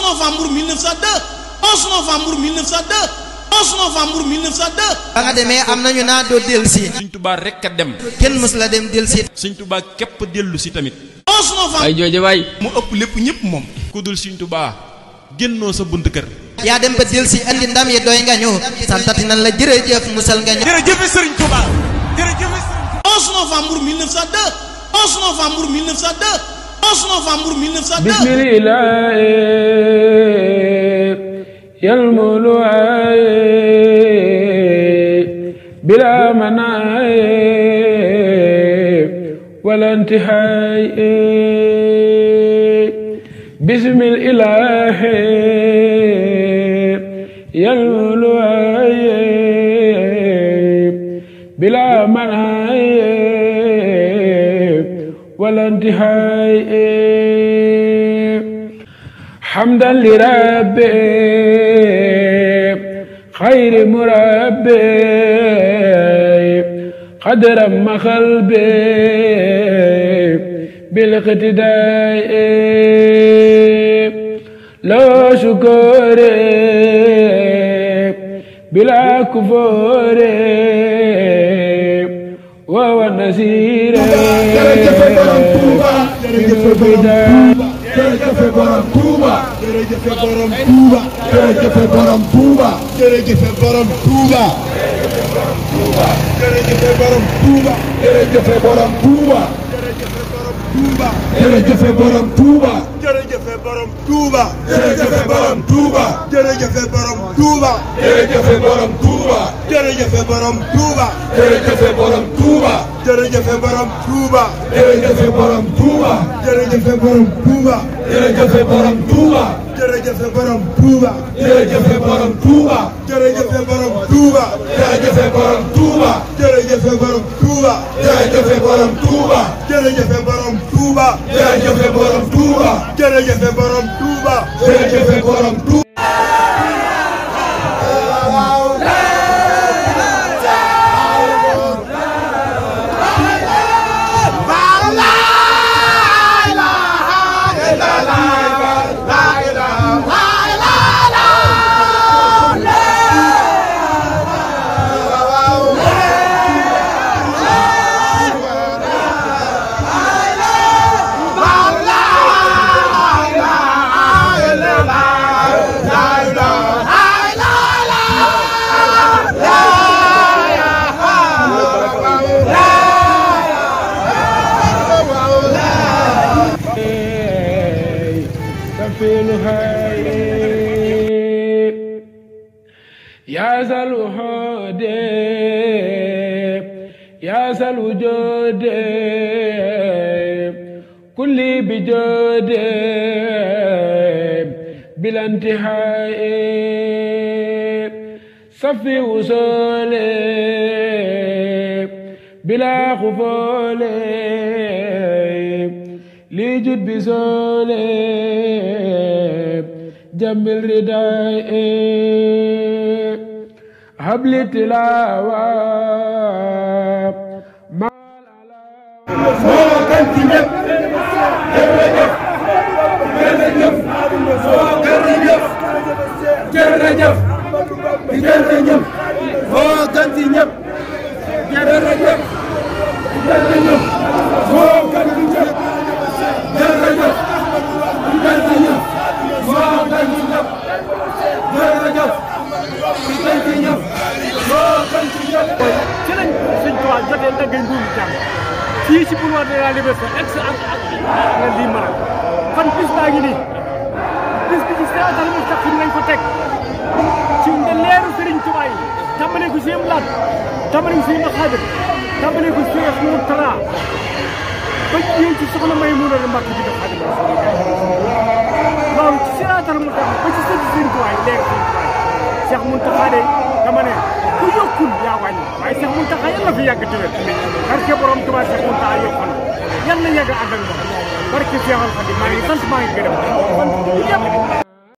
11 novembre 1902 11 novembre 1902 11 novembre 1902. ba nga demee am nañu naa doo dellusi. Sëñ Tuubaa rek a dem. kenn mës la dem dellusi. Sëñ Tuubaa képp dellusi tamit. 11 novembre ay jooje waay. mu ëpp lépp ñëpp moom. ku dul Sëñ Tuubaa génnoo sa bunt kër. yaa dem ba dellusi andi ndam yi doy nga ñëw santati nan la jërëjëf musal nga ñëw. jërëjëf Sëriñ Tuubaa jërëjëf 11 novembre 1902 bismillahi yalmulu bila manaay wala intihaay bismillahi yalmulu ولا انتهاء حمدا لربي خير مربي قدرا ما قلبي بالاقتداء لا شكر بلا كفر wawa nasire jërëjëfe borom Touba jërëjëfe borom Touba jërëjëfe borom Touba. jërëjëf borom Touba. jërëjëf borom Touba. jërëjëf borom Touba. jërëjëf borom Touba. jërëjëf borom Touba. jërëjëf borom Touba. jërëjëf borom Touba. jërëjëf borom Touba. jërëjëf borom Touba. jërëjëf borom Touba. jërëjëf borom Touba. jërëjëf borom Touba. jërëjëf borom Touba. jërëjëf borom Touba. jërëjëf borom Touba. jërëjëfe borom Touba jërëjëfe borom Touba jërëjëfe borom Touba jërëjëfe borom Touba jërëjëfe borom Touba jërëjëfe borom Touba بالخير يا ذا الوحود يا ذا الوجود كل بجود بلا انتهاء صفي وصولي بلا خفولي لي جد بزولي جنب الرداء هبل تلاوة soo kan ci ñëpp jërëjëf jërëjëf soo jërëjëf jërëjëf jërëjëf soo kan ci ñëpp jàmm ci boulevard de la Liberté ex ak ak la lii baa ngi nii bis bi ci siraatal mustaqim lañ ko teg ci nde leeru sëriñ Tuubaa yi si yëm laat tàmbalee ko si yëm xaadir tàmbalee ko si ci soxna may mu doon mbàkk bi dafa xaadim ci siraatal mustaqim ba ci sëriñ sëriñ Tuubaa yi leeru sëriñ Tuubaa yi Cheikh Mountakha de dama ne na fi yàgg tamit barke borom Tuubaa Seex Muntaxa yokku na yàlla na yàgg ànd ak moom barke Seexal Xaadim maa ngi sant maa ngi gërëm sant ñëpp